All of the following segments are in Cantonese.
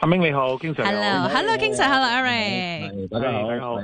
阿明你好，King Sir Hello，好。Hello，Hello，King Sir，Hello，Eric。大家好，大家好，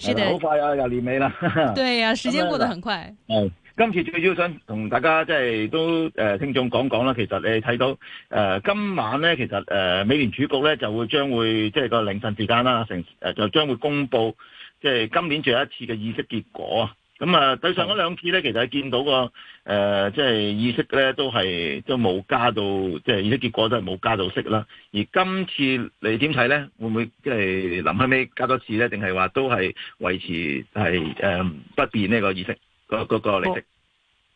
是的好快啊，又年尾啦。 對啊，時間過得很快。係，今次最主要想同大家即係都誒聽眾講講啦。其實你睇到誒、呃、今晚咧，其實誒、呃、美聯儲局咧就會將會即係、就是、個凌晨時間啦，成誒就將會公布即係今年最後一次嘅議息結果。咁、嗯、啊，對上嗰兩次咧，其實係見到個誒，即、呃、係、就是、意識咧，都係都冇加到，即、就、係、是、意識結果都係冇加到息啦。而今次你點睇咧？會唔會即係臨後尾加多次咧？定係話都係維持係誒、呃、不變呢個意識、那個、那個利息、那個利息、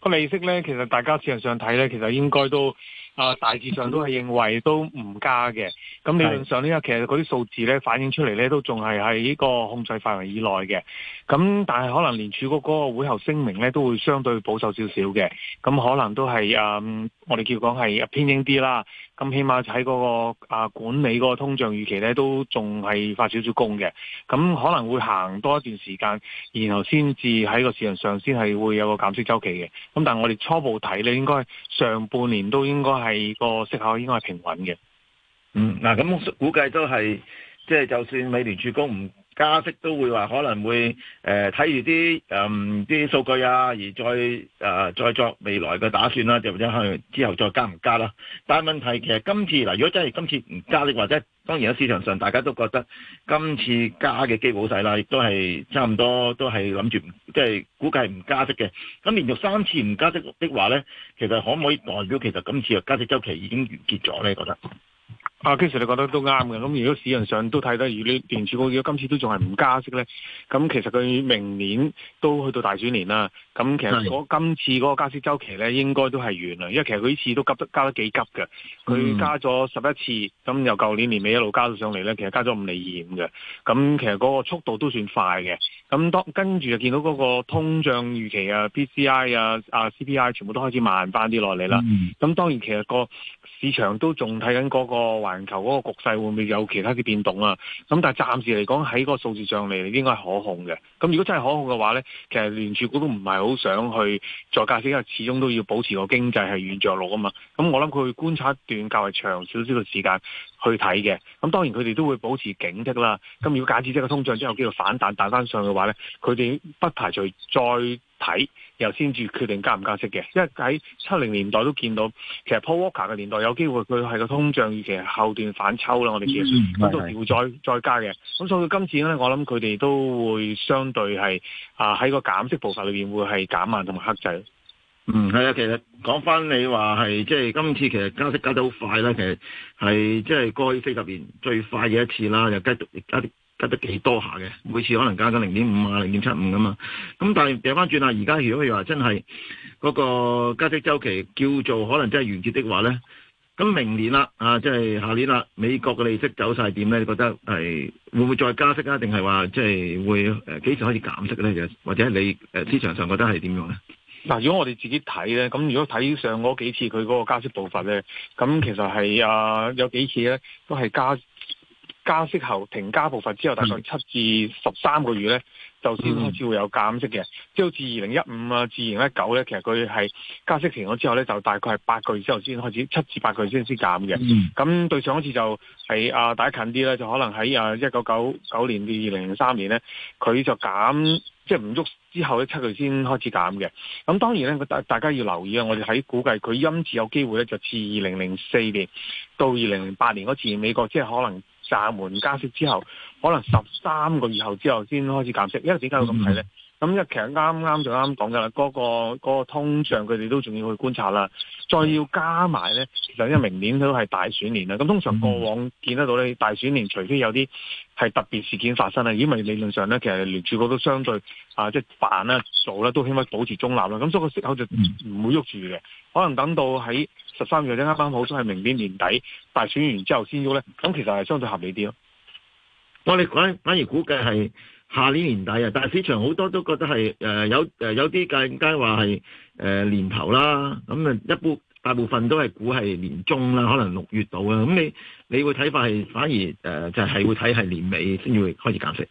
那個利息咧？其實大家市場上睇咧，其實應該都。啊、呃，大致上都係認為都唔加嘅，咁理論上呢一其實嗰啲數字咧反映出嚟咧都仲係喺呢個控制範圍以內嘅，咁但係可能聯儲局嗰個會後聲明咧都會相對保守少少嘅，咁可能都係誒、嗯，我哋叫講係偏鷹啲啦。咁起碼喺嗰個啊管理嗰個通脹預期咧，都仲係發少少功嘅。咁可能會行多一段時間，然後先至喺個市場上先係會有個減息周期嘅。咁但係我哋初步睇咧，應該上半年都應該係個息口應該係平穩嘅。嗯，嗱咁估計都係即係，就算美聯儲工唔。加息都會話可能會誒睇住啲誒啲數據啊，而再誒、呃、再作未來嘅打算啦、啊，或者可能之後再加唔加啦、啊。但係問題其實今次嗱、呃，如果真係今次唔加的話，即係當然喺市場上大家都覺得今次加嘅機會好細啦，亦都係差唔多都係諗住即係估計唔加息嘅。咁連續三次唔加息的話咧，其實可唔可以代表其實今次嘅加息周期已經完結咗咧？覺得？啊 King Sir 你覺得都啱嘅。咁、嗯、如果市場上都睇得，如果聯儲局如果今次都仲係唔加息咧，咁其實佢明年都去到大選年啦。咁其實嗰今次嗰個加息周期咧，應該都係完啦。因為其實佢呢次都急得加得幾急嘅，佢加咗十一次，咁由舊年年尾一路加到上嚟咧，其實加咗五厘二嘅。咁其實嗰個速度都算快嘅。咁、嗯、當跟住就見到嗰個通脹預期啊、P C I 啊、啊 C P I 全部都開始慢翻啲落嚟啦。咁、嗯嗯嗯嗯、當然其實個市場都仲睇緊嗰個。個環球嗰個局勢會唔會有其他嘅變動啊？咁但係暫時嚟講喺嗰個數字上嚟，應該係可控嘅。咁如果真係可控嘅話呢，其實聯儲股都唔係好想去再加息，因為始終都要保持個經濟係軟着陸啊嘛。咁我諗佢會觀察一段較為長少少嘅時間去睇嘅。咁當然佢哋都會保持警惕啦。咁如果假設即係通脹之後叫做反彈彈翻上嘅話呢，佢哋不排除再睇。又先至決定加唔加息嘅，因為喺七零年代都見到，其實 Paul Volcker 嘅年代有機會佢係個通脹預期後段反抽啦。我哋見，咁、嗯、都會再是是再加嘅。咁所以今次咧，我諗佢哋都會相對係啊喺個減息步伐裏面會係減慢同埋克制。嗯，係啊，其實講翻你話係即係今次其實加息加得好快啦，其實係即係過去四十年最快嘅一次啦，又繼續加。加加加得幾多下嘅？每次可能加緊零點五啊，零點七五啊嘛。咁但係掉翻轉啦，而家如果佢話真係嗰個加息周期叫做可能真係完結的話咧，咁明年啦啊，即係下年啦，美國嘅利息走晒點咧？你覺得係會唔會再加息啊？定係話即係會誒幾時開始減息咧？又或者你誒市場上覺得係點樣咧？嗱，如果我哋自己睇咧，咁如果睇上嗰幾次佢嗰個加息步伐咧，咁其實係啊有幾次咧都係加。加息後停加部分之後，大概七至十三個月咧，就先開始會有減息嘅、嗯。即係好似二零一五啊，二零一九咧，其實佢係加息停咗之後咧，就大概係八個月之後先開始，七至八個月先先減嘅。咁、嗯、對上一次就係、是、啊，大家近啲咧，就可能喺啊一九九九年至二零零三年咧，佢就減即係唔喐之後咧，七個月先開始減嘅。咁當然咧，大大家要留意啊，我哋喺估計佢因此有機會咧，就至二零零四年到二零零八年嗰次美國即係可能。暫緩加息之後，可能十三個月後之後先開始減息，因為點解會咁睇呢？嗯咁、嗯、一其實啱啱就啱講噶啦，嗰、嗰個嗰、嗰個、通脹，佢哋都仲要去觀察啦。再要加埋咧，其實因為明年都係大選年啦。咁通常過往見得到咧，大選年除非有啲係特別事件發生啦，因為理論上咧，其實聯儲局都相對啊，即係扮啦做啦、啊，都起碼保持中立啦。咁所以個時候就唔會喐住嘅，可能等到喺十三月一啱啱好，都係明年年底大選完之後先喐咧。咁其實係相對合理啲咯。我哋反反而估計係。下年年底啊，但係市場好多都覺得係誒、呃、有誒有啲間間話係誒年頭啦，咁啊一部大部分都係估係年中啦，可能六月度啊，咁你你會睇法係反而誒、呃、就係、是、會睇係年尾先至會開始減息。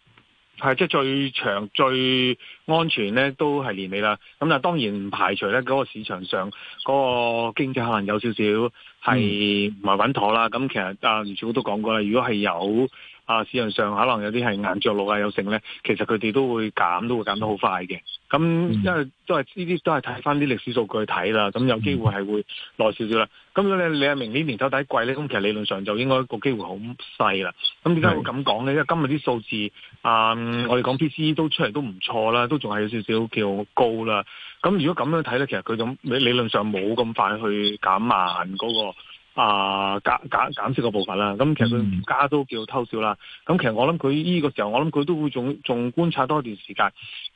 係即係最長最安全咧，都係年尾啦。咁啊當然唔排除咧，嗰、那個市場上嗰、那個經濟可能有少少係唔係穩妥啦。咁、嗯、其實阿余少都講過啦，如果係有。啊，市場上可能有啲係硬着陸啊，有剩咧，其實佢哋都會減，都會減得好快嘅。咁、嗯、因為都係呢啲都係睇翻啲歷史數據去睇啦。咁有機會係會耐少少啦。咁如果你係明年年頭第一季咧，咁其實理論上就應該個機會好細啦。咁點解會咁講咧？因為今日啲數字啊、嗯，我哋講 PCE 都出嚟都唔錯啦，都仲係有少少叫高啦。咁如果咁樣睇咧，其實佢咁理理論上冇咁快去減慢嗰、那個。啊、呃，減減減息個部分啦。咁其實佢唔加都叫偷笑啦。咁其實我諗佢呢個時候，我諗佢都會仲仲觀察多一段時間。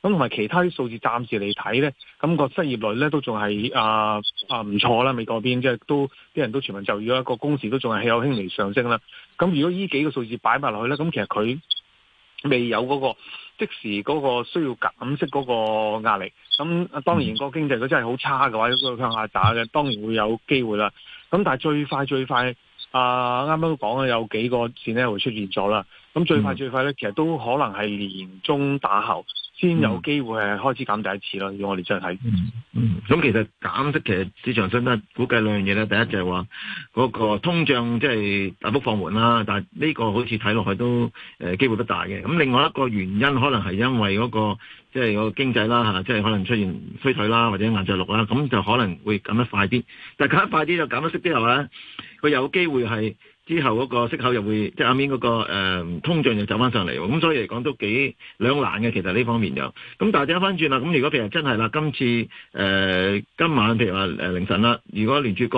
咁同埋其他啲數字，暫時嚟睇呢，咁個失業率呢都仲係、呃、啊啊唔錯啦。美國邊即係都啲人都全民就業啦，個工時都仲係有輕微上升啦。咁如果呢幾個數字擺埋落去呢，咁其實佢未有嗰、嗰個即時嗰個需要減息嗰個壓力。咁當然個經濟如果真係好差嘅話，佢向下打嘅，當然會有機會啦。咁但係最快最快，啊啱啱都講嘅有幾個字咧會出現咗啦。咁最快最快咧，其實都可能係年中打後先有機會係開始減第一次啦。如、嗯、果我哋再睇，咁、嗯嗯嗯、其實減息其實市場上都估計兩樣嘢咧。第一就係話嗰個通脹即係大幅放緩啦，但係呢個好似睇落去都誒、呃、機會不大嘅。咁另外一個原因可能係因為嗰、那個即係、就是、個經濟啦即係、就是、可能出現衰退啦或者硬著陸啦，咁就可能會減得快啲。但係減得快啲就減得息之後，係咪佢有機會係。之後嗰個息口又會，即係亞面嗰個、嗯、通脹又走翻上嚟喎，咁所以嚟講都幾兩難嘅，其實呢方面有，咁但係轉翻轉啦，咁如果譬如真係啦，今次誒、呃、今晚譬如話凌晨啦，如果聯儲局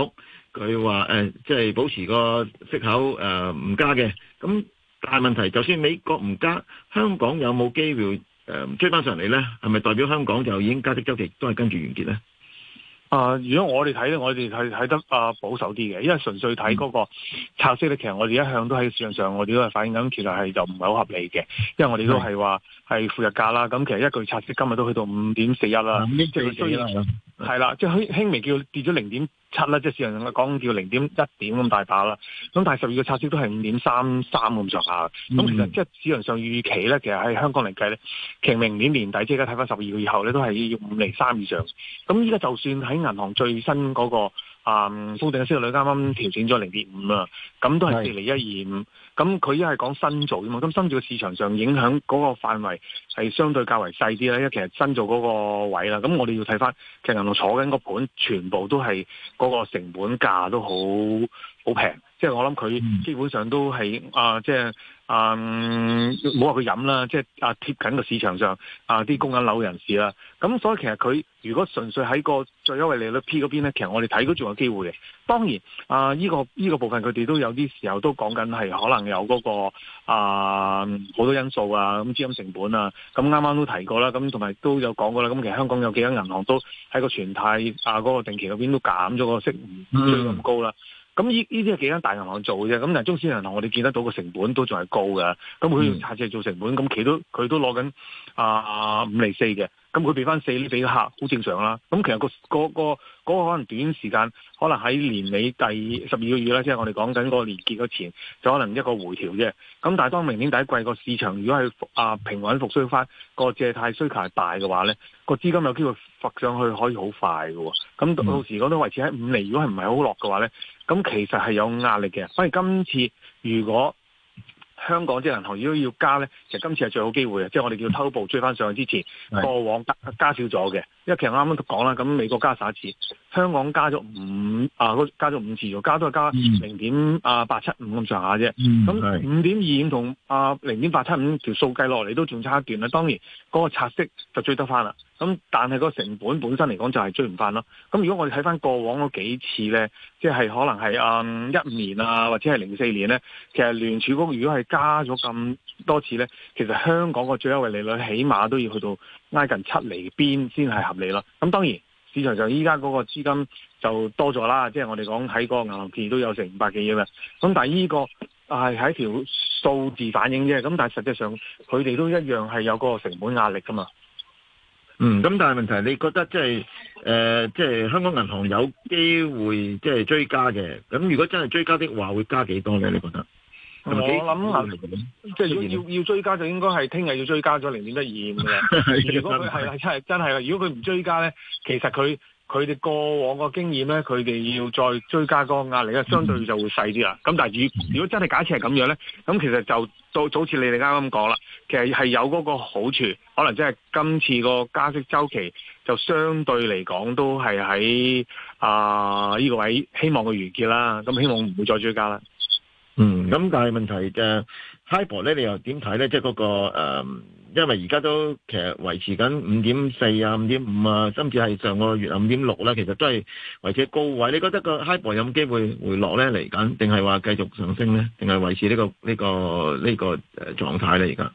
佢話誒即係保持個息口誒唔、呃、加嘅，咁大問題就算美國唔加，香港有冇機會誒、呃、追翻上嚟咧？係咪代表香港就已經加息周期都係跟住完結咧？啊、呃、如果我哋睇咧，我哋係睇得啊、呃、保守啲嘅，因為純粹睇嗰個拆息咧，嗯、其實我哋一向都喺市場上，我哋都係反映緊，其實係就唔係好合理嘅，因為我哋都係話係負溢價啦。咁其實一個月拆息今日都去到五點四一啦，係啦，即係輕輕微叫跌咗零點七啦，即係市場上講叫零點一點咁大把啦，咁但係十二個拆息都係五點三三咁上下。咁其實即係市場上預期咧，其實喺香港嚟計咧，其明年年底即係而家睇翻十二個月後咧，都係要五釐三以上。咁依家就算喺銀行最新嗰、那個啊封、嗯、頂息率啱啱調整咗零點五啊，咁都係四釐一二五。咁佢一係講新造嘅嘛，咁新造嘅市場上影響嗰個範圍係相對較為細啲啦，因為其實新造嗰個位啦，咁我哋要睇翻，其實我坐緊個盤，全部都係嗰個成本價都好好平，即係、就是、我諗佢基本上都係啊，即、呃、係。就是嗯，冇話佢飲啦，即係啊，貼緊個市場上啊，啲供緊樓人士啦，咁所以其實佢如果純粹喺個最優惠利率 P 嗰邊咧，其實我哋睇都仲有機會嘅。當然啊，呢、這個呢、這個部分佢哋都有啲時候都講緊係可能有嗰、那個啊好多因素啊，咁資金成本啊，咁啱啱都提過啦，咁同埋都有講過啦。咁其實香港有幾間銀行都喺個全貸啊嗰、那個定期嗰邊都減咗個息唔追咁高啦。咁呢呢啲係幾間大銀行做嘅啫，咁但係中小銀行我哋見得到個成本都仲係高嘅，咁佢拆借做成本，咁、嗯、佢都佢都攞緊啊五厘四嘅，咁佢俾翻四厘俾客，好正常啦。咁其實、個、個嗰、個可能短時間，可能喺年尾第十二個月啦，即、就、係、是、我哋講緊個年結嗰前，就可能一個回調啫。咁但係當明年第一季個市場如果係啊、呃、平穩復甦翻，個借貸需求係大嘅話咧，個資金有機會。滑上去可以好快嘅，咁到時我都維持喺五厘，如果係唔係好落嘅話咧，咁其實係有壓力嘅。反而今次如果香港即係銀行如果要加咧，其實今次係最好機會嘅，即係我哋叫偷步追翻上去之前，過往加少咗嘅。因為其實我啱啱都講啦，咁美國加十一次，香港加咗五啊，加咗五次了，加都係加零點、嗯、啊八七五咁上下啫。咁五點二五同啊零點八七五條數計落嚟都仲差一段啦。當然嗰個差息就追得翻啦。咁但係個成本本身嚟講就係追唔翻咯。咁如果我哋睇翻過往嗰幾次呢，即係可能係嗯一五年啊，或者係零四年呢，其實聯儲局如果係加咗咁多次呢，其實香港個最優惠利率起碼都要去到挨近七厘邊先係嚟啦，咁當然市場上依家嗰個資金就多咗啦，即係我哋講喺個銀行邊都有成五百幾億嘅，咁但係依個係，啊，一條數字反映啫，咁但係實際上佢哋都一樣係有個成本壓力噶嘛。嗯，咁但係問題，你覺得即係誒，即係香港銀行有機會即係追加嘅，咁如果真係追加的話，會加幾多咧？你覺得？嗯、我諗、嗯嗯、即係要要要追加就應該係聽日要追加咗零點一二咁嘅啦。如果佢係係真係，如果佢唔追加咧，其實佢佢哋過往個經驗咧，佢哋要再追加個壓力，相對就會細啲啦。咁、嗯、但係如如果真係假設係咁樣咧，咁、嗯、其實就就好似你哋啱啱講啦，其實係有嗰個好處，可能即係今次個加息周期，就相對嚟講都係喺啊呢個位，希望佢完結啦。咁希望唔會再追加啦。嗯，咁但係問題嘅 HIBOR 咧，你又點睇咧？即係嗰個誒、嗯，因為而家都其實維持緊五點四啊、五點五啊，甚至係上個月啊五點六咧，其實都係維持高位。你覺得個 HIBOR 有冇機會回落咧嚟緊？定係話繼續上升咧？定係維持、這個這個這個呃、呢個呢個呢個誒狀態咧？而家？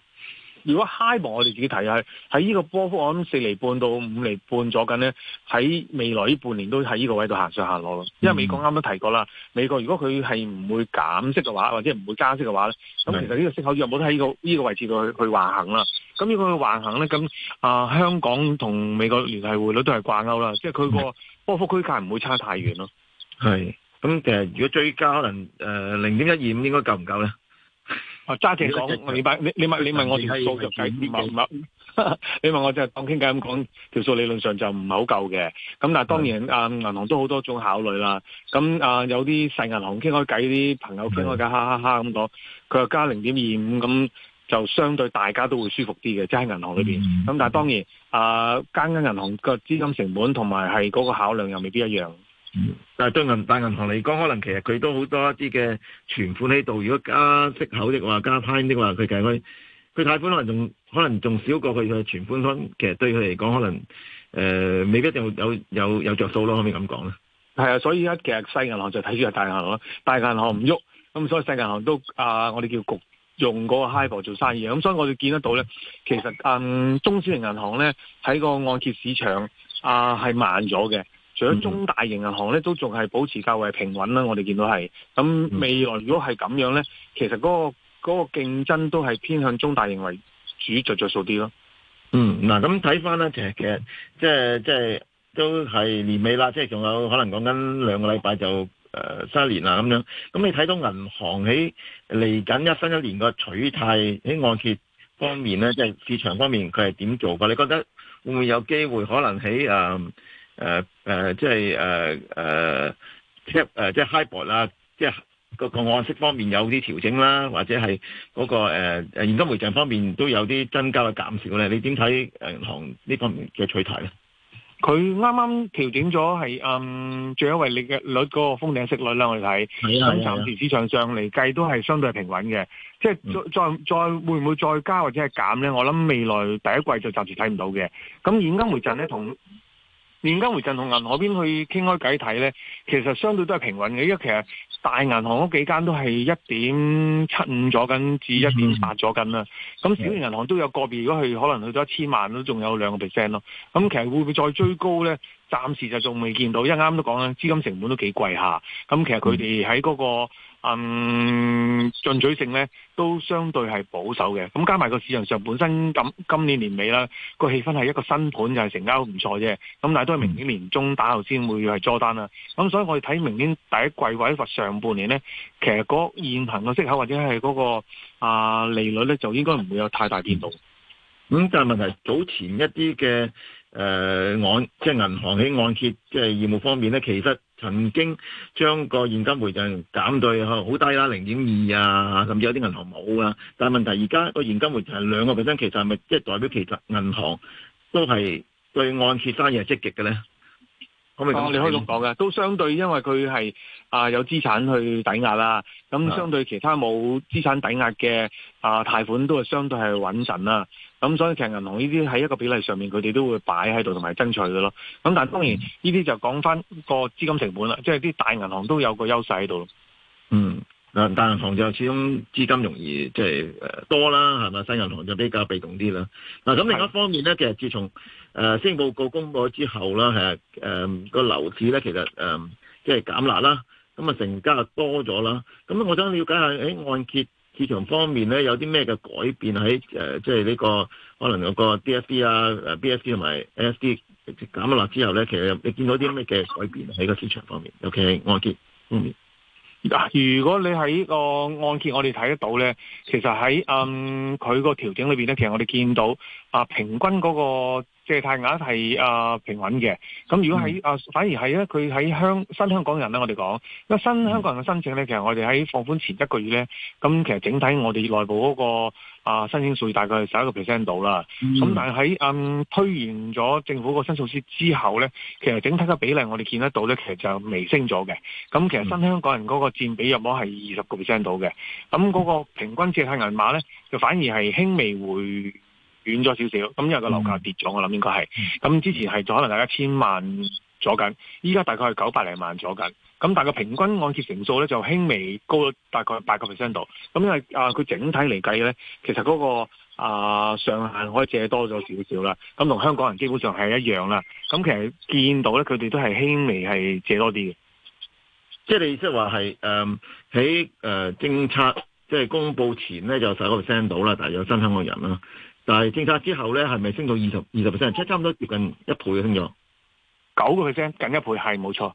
如果 high 我哋自己睇啊，喺呢個波幅我諗四厘半到五厘半咗緊咧，喺未來呢半年都喺呢個位度行上行落咯、嗯。因為美國啱啱提過啦，美國如果佢係唔會減息嘅話，或者唔會加息嘅話咧，咁其實呢個息口又冇喺呢個呢個位置度去去橫行啦。咁如果佢橫行咧，咁啊、呃、香港同美國聯繫匯率都係掛鈎啦，即係佢個波幅區間唔會差太遠咯。係，咁其實誒，如果追加可能誒零點一二五應該夠唔夠咧？揸住講，你問你你你問我條數就計你問我即係當傾偈咁講，條數，你數，你數，你數理論上就唔係好夠嘅。咁但嗱，當然阿、嗯啊、銀行都好多種考慮啦。咁啊，有啲細銀行傾開偈，啲朋友傾開偈，哈哈哈咁講，佢又加零點二五，咁就相對大家都會舒服啲嘅，即係銀行裏邊。咁但係當然，啊間間銀行個資金成本同埋係嗰個考量又未必一樣。嗯、但係對銀大銀行嚟講，可能其實佢都好多一啲嘅存款喺度。如果加息口的話，加派的話，佢其實佢佢貸款可能仲可能仲少過佢嘅存款分。其實對佢嚟講，可能誒、呃，未必一定有有有着數咯。可唔可以咁講咧？係啊，所以咧，其實細銀行就睇住大銀行咯。大銀行唔喐，咁所以細銀行都啊、呃，我哋叫局用嗰個 hyper 做生意，咁所以我哋見得到咧，其實啊、嗯，中小型銀行咧喺個按揭市場啊係、呃、慢咗嘅。除咗中大型銀行咧，都仲係保持較為平穩啦。我哋見到係咁未來，如果係咁樣咧，其實嗰個嗰個競爭都係偏向中大型為主，着着數啲咯。嗯，嗱，咁睇翻咧，其實其實即係即係都係年尾啦，即係仲有可能講緊兩個禮拜就誒新一年啦咁樣。咁你睇到銀行喺嚟緊新一年個取態喺按揭方面咧，即係市場方面佢係點做嘅？你覺得會唔會有機會可能喺誒？呃誒、呃、誒、呃，即係誒誒，即係誒即係 hybrid 啦，即係個個案息方面有啲調整啦，或者係嗰、那個誒誒、呃、現金回贈方面都有啲增加或減少咧。你點睇銀行呢方面嘅取態咧？佢啱啱調整咗係誒，最優惠利率嗰個封頂息率啦，我哋睇市場市市場上嚟計都係相對平穩嘅。即係再、嗯、再再會唔會再加或者係減咧？我諗未來第一季就暫時睇唔到嘅。咁現金回贈咧同。年金回震同銀行邊去傾開偈睇咧，其實相對都係平穩嘅，因為其實大銀行嗰幾間都係一點七五左近至一點八左近啦。咁、嗯、小型銀行都有個別，如果佢可能去到一千萬都仲有兩個 percent 咯。咁其實會唔會再追高咧？暫時就仲未見到，因為啱啱都講啦，資金成本都幾貴下，咁其實佢哋喺嗰個嗯、嗯進取性咧，都相對係保守嘅。咁加埋個市場上本身今今年年尾啦，個氣氛係一個新盤就係、係、成交唔錯啫。咁但係都係明年年中打後先會係作單啦。咁所以我哋睇明年第一季或者上半年咧，其實嗰現行嘅息口或者係嗰個啊利率咧，就應該唔會有太大變動。咁、嗯嗯、但係問題早前一啲嘅。誒、呃，按即係銀行喺按揭即係業務方面咧，其實曾經將個現金回贈減到好低啦，零點二啊，甚至有啲銀行冇啊。但係問題而家個現金回贈係兩個 percent 其實係咪即係代表其實銀行都係對按揭生意係積極嘅咧？我哋可以咁講嘅，都相對因為佢係啊有資產去抵押啦，咁相對其他冇資產抵押嘅啊貸款都係相對係穩陣啦。咁所以其實銀行呢啲喺一個比例上面，佢哋都會擺喺度同埋爭取嘅咯。咁但係當然呢啲就講翻個資金成本啦，即係啲大銀行都有個優勢喺度。嗯。嗱，大銀行就始終資金容易即係誒多啦，係咪？細銀行就比較被動啲啦。嗱、啊，咁另一方面咧，其實自從誒施政報告公布咗之後啦，係啊，誒個樓市咧，其實誒、呃、即係減壓啦，咁啊成交又多咗啦。咁我想了解下，喺、哎、按揭市場方面咧，有啲咩嘅改變喺誒、呃、即係呢、這個可能有個 DSD 啊誒 BSD 同埋 ASD 減壓之後咧，其實你見到啲咩嘅改變喺個市場方面，尤其係按揭方面。嗯嗱，如果你喺個按揭，我哋睇得到咧，其實喺嗯佢個調整裏邊咧，其實我哋見到啊平均嗰個。借貸額係啊、呃、平穩嘅，咁如果喺、嗯、啊反而喺咧佢喺香新香港人咧，我哋講，因為新香港人嘅申請咧，其實我哋喺放寬前一個月咧，咁其實整體我哋內部嗰、那個啊、呃、申請數大概十一個 percent 度啦。咁、嗯、但係喺嗯推完咗政府個新措施之後咧，其實整體嘅比例我哋見得到咧，其實就微升咗嘅。咁其實新香港人嗰個佔比約莫係二十個 percent 度嘅。咁嗰個平均借貸銀碼咧，就反而係輕微回。遠咗少少，咁因為個樓價跌咗，我諗應該係。咁、嗯、之前係可能大家千萬左緊，依家大概係九百零萬左緊。咁但係個平均按揭成數咧就輕微高咗大概八個 percent 度。咁因為啊，佢整體嚟計咧，其實嗰、那個啊、呃、上限可以借多咗少少啦。咁同香港人基本上係一樣啦。咁其實見到咧，佢哋都係輕微係借多啲嘅。即係你即係話係誒喺誒政策即係、就是、公布前咧就十個 percent 度啦，但係有新香港人啦。但係政策之後咧，係咪升到二十二十 percent？即係差唔多接近一倍嘅升咗，九個 percent，近一倍係冇錯。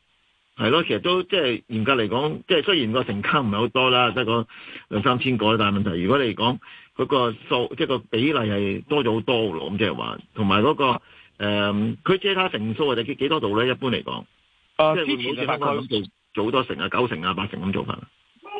係咯，其實都即係嚴格嚟講，即係雖然個成交唔係好多啦，即係個兩三千個，但係問題，如果你嚟講嗰個數，即係個比例係多咗好多嘅，咁即係話，同埋嗰個佢、呃、借他成數或者幾多度咧？一般嚟講、啊，即係會冇少咗佢做、啊、做好多成啊，九成啊，八成咁做法。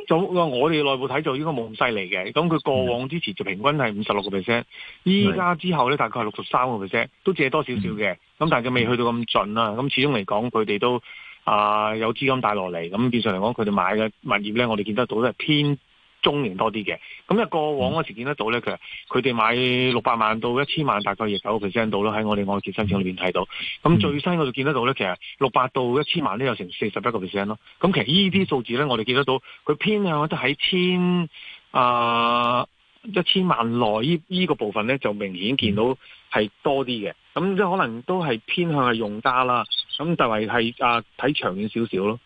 就我哋內部睇就應該冇咁犀利嘅，咁佢過往之前就平均係五十六個 percent，依家之後咧大概係六十三個 percent，都借多少少嘅，咁、嗯、但係佢未去到咁盡啦，咁始終嚟講佢哋都啊、呃、有資金帶落嚟，咁變相嚟講佢哋買嘅物業咧，我哋見得到都係偏。中年多啲嘅，咁啊過往嗰時見得到咧，佢佢哋買六百萬到一千萬，大概亦九個 percent 到咯，喺我哋按揭申請裏邊睇到。咁、嗯、最新我就見得到咧，其實六百到一千萬都有成四十一個 percent 咯。咁其實依啲數字咧，我哋見得到佢偏向得喺千啊一千萬內依依個部分咧，就明顯見到係多啲嘅。咁即係可能都係偏向係用家啦。咁但係係啊睇長遠少少咯。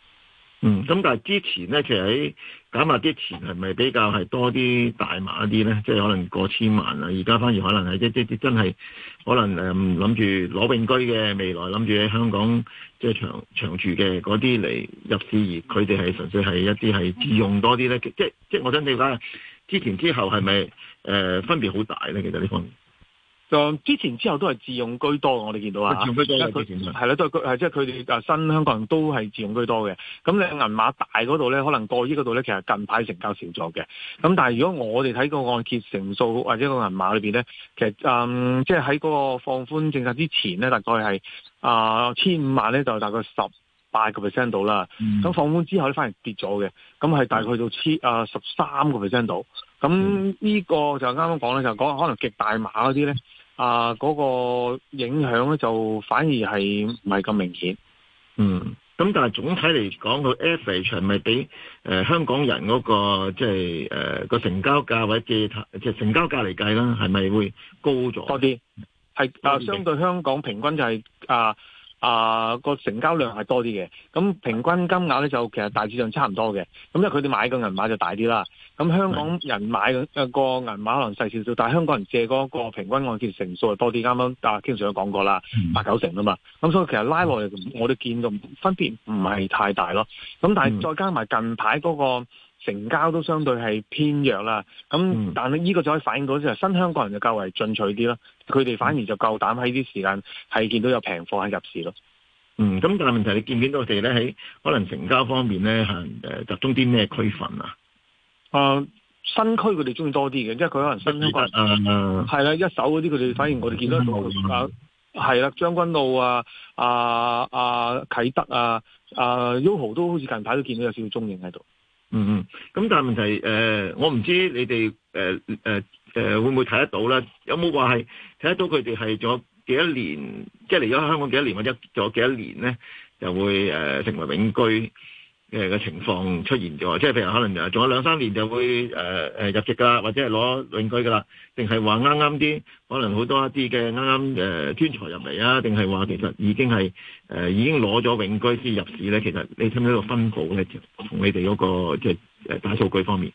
嗯，咁但係之前咧，其實喺假埋啲錢係咪比較係多啲大碼啲呢？即係可能過千萬啦、啊，而家反而可能係即即真係可能誒諗住攞永居嘅未來諗住喺香港即係長長住嘅嗰啲嚟入市，而佢哋係純粹係一啲係自用多啲呢？即即我想了解，之前之後係咪誒分別好大呢？其實呢方面。之前之後都係自用居多，我哋見到啊，係啦，都係、就是、居係即係佢哋啊新香港人都係自用居多嘅。咁你銀碼大嗰度咧，可能過億嗰度咧，其實近排成交少咗嘅。咁但係如果我哋睇個按揭成數或者個銀碼裏邊咧，其實誒即係喺嗰個放寬政策之前咧，大概係啊千五萬咧就大概十八個 percent 到啦。咁、嗯、放寬之後咧反而跌咗嘅。咁係大概到千啊十三個 percent 到。咁呢個就啱啱講咧，就講可能極大碼嗰啲咧。啊！嗰、那個影響咧，就反而係唔係咁明顯。嗯。咁但係總體嚟講，個 average 係咪比、呃、香港人嗰、那個即係誒個成交價或者借即係成交價嚟計啦，係咪會高咗多啲？係啊，相對香港平均就係、是、啊。啊、呃，個成交量係多啲嘅，咁平均金額咧就其實大致上差唔多嘅，咁因為佢哋買個銀碼就大啲啦，咁香港人買嘅個銀碼可能細少少，但係香港人借嗰個平均按揭成數係多啲，啱啱阿 King Sir 都講過啦、嗯，八九成啊嘛，咁所以其實拉落嚟，嗯、我哋見到分別唔係太大咯，咁但係再加埋近排嗰、那個。成交都相對係偏弱啦，咁但係呢個就可以反映到即係新香港人就較為進取啲咯，佢哋反而就夠膽喺啲時間係見到有平貨喺入市咯。嗯，咁但係問題你見唔見到佢哋咧喺可能成交方面咧係誒集中啲咩區份啊？誒、啊、新區佢哋中意多啲嘅，因為佢可能新香港人係啦、啊、一手嗰啲佢哋反而我哋見到係啦、嗯啊嗯啊、將軍澳啊、啊啊啟德啊、啊 Yoho 都好似近排都見到有少少蹤影喺度。嗯嗯，咁但係問題誒、呃，我唔知你哋誒誒誒會唔會睇得到咧？有冇話係睇得到佢哋係仲有幾多年？即係嚟咗香港幾多年或者咗幾多年咧，就會誒、呃、成為永居。嘅嘅情況出現咗，即係譬如可能仲有兩三年就會誒誒、呃、入籍噶啦，或者係攞永居噶啦，定係話啱啱啲可能好多一啲嘅啱啱誒專才入嚟啊，定係話其實已經係誒、呃、已經攞咗永居先入市咧，其實你睇唔睇到個分佈咧，同你哋嗰、嗰個即係誒大數據方面？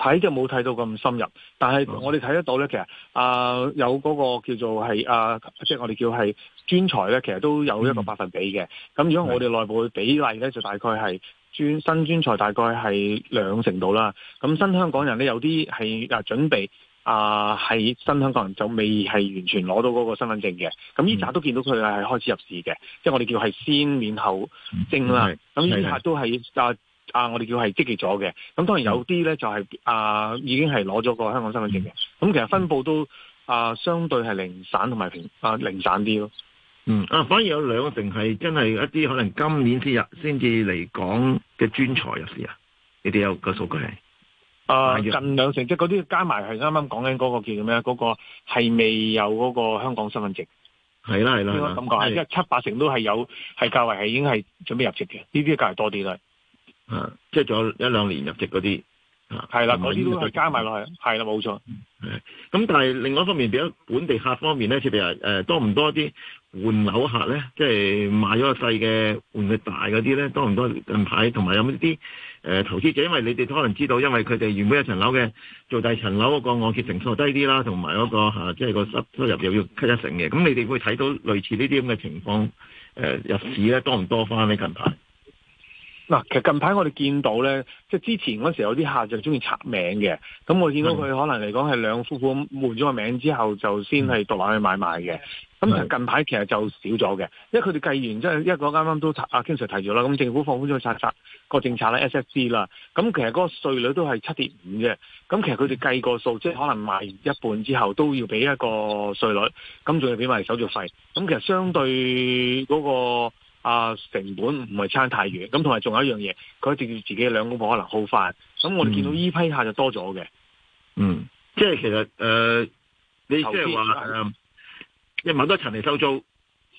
睇就冇睇到咁深入，但係我哋睇得到咧，其實啊、呃、有嗰個叫做係啊，即、呃、係、就是、我哋叫係專才咧，其實都有一個百分比嘅。咁、嗯、如果我哋內部嘅比例咧，就大概係專新專才大概係兩成度啦。咁新香港人咧，有啲係啊準備啊喺、呃、新香港人就未係完全攞到嗰個身份證嘅。咁呢扎都見到佢係開始入市嘅、嗯，即係我哋叫係先免後證啦。咁呢扎都係啊。啊！我哋叫係積極咗嘅，咁、嗯、當然有啲咧就係、是、啊，已經係攞咗個香港身份證嘅。咁、嗯嗯、其實分佈都啊，相對係零散同埋平啊零散啲咯。嗯，啊反而有兩成係真係一啲可能今年先入先至嚟講嘅專才入市啊！呢啲有個數據係啊，近兩成即係嗰啲加埋係啱啱講緊嗰個叫做咩嗰個係未有嗰個香港身份證。係啦係啦，咁講係即係七八成都係有，係較為係已經係準備入籍嘅。呢啲係較為多啲啦。啊，即係仲有一兩年入籍嗰啲，啊係啦，嗰啲都加埋落去，係啦，冇錯。咁、嗯嗯、但係另外一方面，比較本地客方面咧，特別係誒多唔多啲換樓客咧？即係買咗個細嘅換嘅大嗰啲咧，多唔多？就是、多多近排同埋有冇啲誒投資者？因為你哋可能知道，因為佢哋原本一層樓嘅做第二層樓嗰個按揭成數低啲啦，同埋嗰個吓、啊、即係個收收入又要 cut 一成嘅。咁你哋會睇到類似呢啲咁嘅情況誒、呃、入市咧多唔多翻呢近排？嗱，其實近排我哋見到咧，即係之前嗰時有啲客就中意拆名嘅，咁我見到佢可能嚟講係兩夫婦換咗個名之後就先係獨立去買賣嘅，咁其實近排其實就少咗嘅，因為佢哋計完即係一個啱啱都阿 King Sir 提咗啦，咁政府放寬咗拆拆個政策咧 SSD 啦，咁其實嗰個稅率都係七點五嘅，咁其實佢哋計個數，即係可能賣完一半之後都要俾一個稅率，咁仲要俾埋手續費，咁其實相對嗰個。啊、呃，成本唔係差太遠，咁同埋仲有一樣嘢，佢一定要自己兩公婆可能好快。咁我哋見到依批客就多咗嘅。嗯，即係其實誒、呃，你即係話誒，即買多層嚟收租，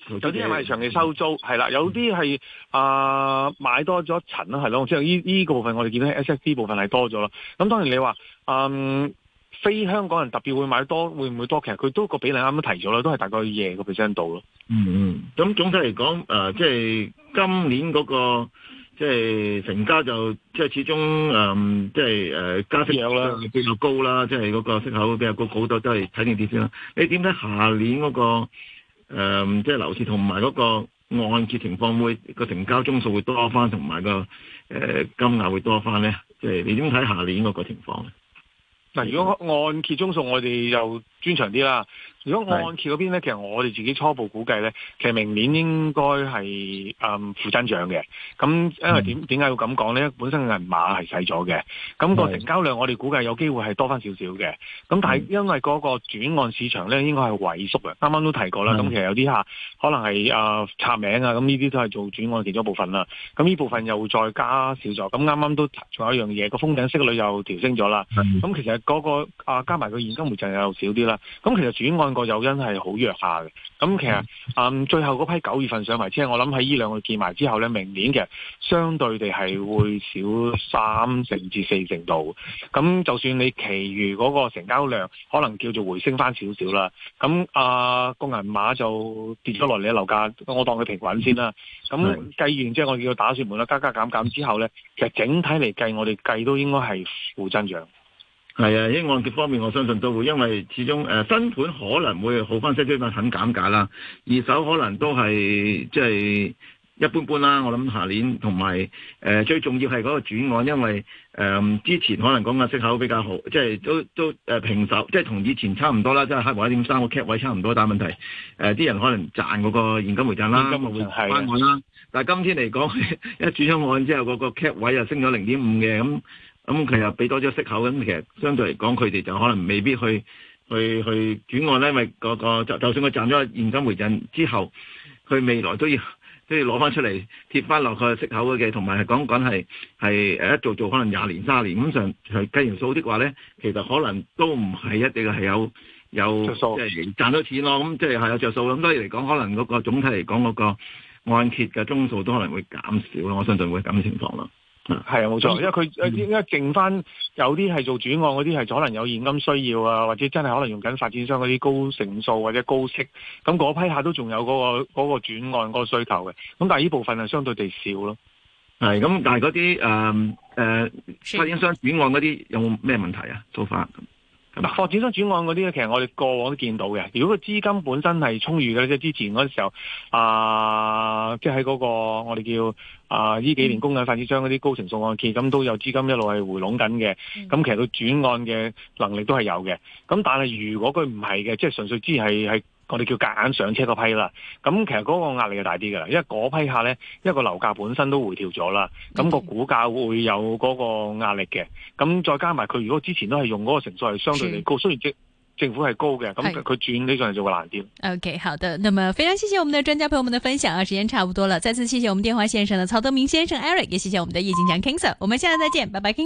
有啲係長期收租，係、嗯、啦，有啲係啊買多咗層係係咯，即係依依個部分我哋見到 SSD 部分係多咗咯。咁當然你話啊、呃，非香港人特別會買多，會唔會多？其實佢都個比例啱啱提咗啦，都係大概廿個 percent 度咯。嗯嗯，咁總體嚟講，誒，即係今年嗰個即係成交就即係始終誒，即係誒，加息比較高啦，即係嗰個息口比較高，好多都係睇定啲先啦。你點睇下年嗰個誒，即係樓市同埋嗰個按揭情況，會個成交宗數會多翻，同埋個誒金額會多翻咧？即係你點睇下年嗰個情況咧？嗱，如果按揭宗數，我哋又。專長啲啦。如果按揭嗰邊咧，其實我哋自己初步估計咧，其實明年應該係誒、嗯、負增長嘅。咁因為點點解要咁講咧？本身嘅銀碼係細咗嘅，咁個成交量我哋估計有機會係多翻少少嘅。咁但係因為嗰個轉按市場咧，應該係萎縮嘅。啱啱都提過啦。咁其實有啲下可能係誒拆名啊，咁呢啲都係做轉按其中一部分啦。咁呢部分又再加少咗。咁啱啱都仲有一樣嘢，個封頂息率又調升咗、那個啊、啦。咁其實嗰個啊加埋個現金回贈又少啲啦。咁其實轉按個誘因係好弱下嘅，咁其實、嗯、最後嗰批九月份上埋車，我諗喺呢兩個見埋之後呢，明年其實相對地係會少三成至四成度。咁就算你其餘嗰個成交量可能叫做回升翻少少啦，咁啊個銀碼就跌咗落嚟嘅樓價，我當佢平穩先啦。咁計完之後、嗯、我叫打算盤啦，加加減減之後呢，其實整體嚟計，我哋計都應該係負增長。係啊，喺按揭方面，我相信都會，因為始終，誒、呃，新盤可能會好返，些租品很減價啦。二手可能都係即係一般般啦。我諗下年同埋，誒、呃，最重要係嗰個轉按，因為誒、呃、之前可能講嘅息口比較好，即係都都誒平手，即係同以前差唔多啦，即係慳咗一點三個 cap 位差唔多，但問題，誒、呃，啲人可能賺嗰個現金回賺啦，今日會翻按啦。啦但係今天嚟講， 一轉咗按之後，嗰個 cap 位又升咗零點五嘅咁。咁、嗯、其實俾多咗息口，咁其實相對嚟講，佢哋就可能未必去去去轉按咧，因為、那個、就就算佢賺咗現金回贈之後，佢未來都要都要攞翻出嚟貼翻落去息口嘅同埋係講緊係係一做一做可能廿年三十年咁，上除計完數啲話咧，其實可能都唔係一定係有有即係、就是、賺到錢咯，咁即係係有着數咁。所以嚟講，可能嗰個總體嚟講，嗰、那個按揭嘅宗數都可能會減少咯，我相信會咁嘅情況咯。係、嗯、啊，冇錯、嗯，因為佢應該淨翻有啲係做轉按，嗰啲係，可能有現金需要啊，或者真係可能用緊發展商嗰啲高成數或者高息，咁嗰批客都仲有嗰、嗰個、嗰個轉按嗰個需求嘅，咁但係呢部分係相對地少咯。係，咁但係嗰啲誒誒發展商轉按嗰啲有冇咩問題啊？做法？嗱、嗯，發展商轉按嗰啲咧，其實我哋過往都見到嘅。如果個資金本身係充裕嘅，即係之前嗰陣時候，啊，即係喺嗰個我哋叫啊，呢、嗯、幾年供緊發展商嗰啲高成數按揭，咁都有資金一路係回籠緊嘅。咁、嗯嗯、其實佢轉按嘅能力都係有嘅。咁但係如果佢唔係嘅，即係純粹只係係。我哋叫夾硬上車嗰批啦，咁其實嗰個壓力就大啲噶啦，因為嗰批客咧，因為個樓價本身都回調咗啦，咁個估價會有嗰個壓力嘅。咁再加埋佢，如果之前都係用嗰個成數係相對嚟高，雖然政政府係高嘅，咁佢轉呢上嚟就會難啲。O、okay, K，好的，咁啊，非常謝謝我們嘅專家朋友們嘅分享啊，時間差唔多啦，再次謝謝我們電話線上的曹德明先生 Eric，也謝謝我們的葉景強 King Sir，我們下次再見，拜拜。